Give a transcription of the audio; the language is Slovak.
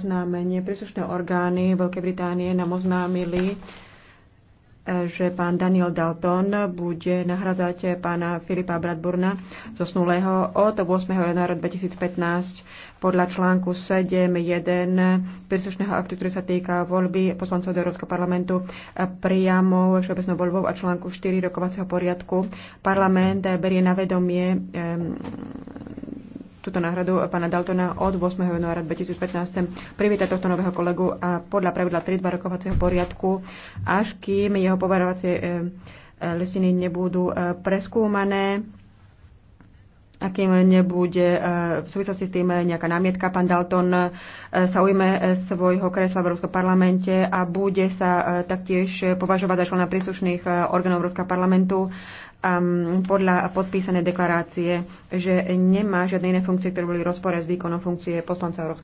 oznámenie. Príslušné orgány Veľkej Británie nám oznámili, e, že pán Daniel Dalton bude nahradzať pána Filipa Bradburna zosnulého od 8. januára 2015 podľa článku 7.1 príslušného aktu, ktorý sa týka voľby poslancov do Európskeho parlamentu priamo všeobecnou voľbou a článku 4 rokovacieho poriadku. Parlament berie na vedomie túto náhradu pána Daltona od 8. januára 2015 privítať tohto nového kolegu a podľa pravidla 3.2 rokovacieho poriadku, až kým jeho povarovacie e, e, listiny nebudú e, preskúmané akým nebude v súvislosti s tým nejaká námietka. Pán Dalton sa ujme svojho kresla v Európskom parlamente a bude sa taktiež považovať za člena príslušných orgánov Európskeho parlamentu um, podľa podpísanej deklarácie, že nemá žiadne iné funkcie, ktoré boli v rozpore s výkonom funkcie poslanca Európskej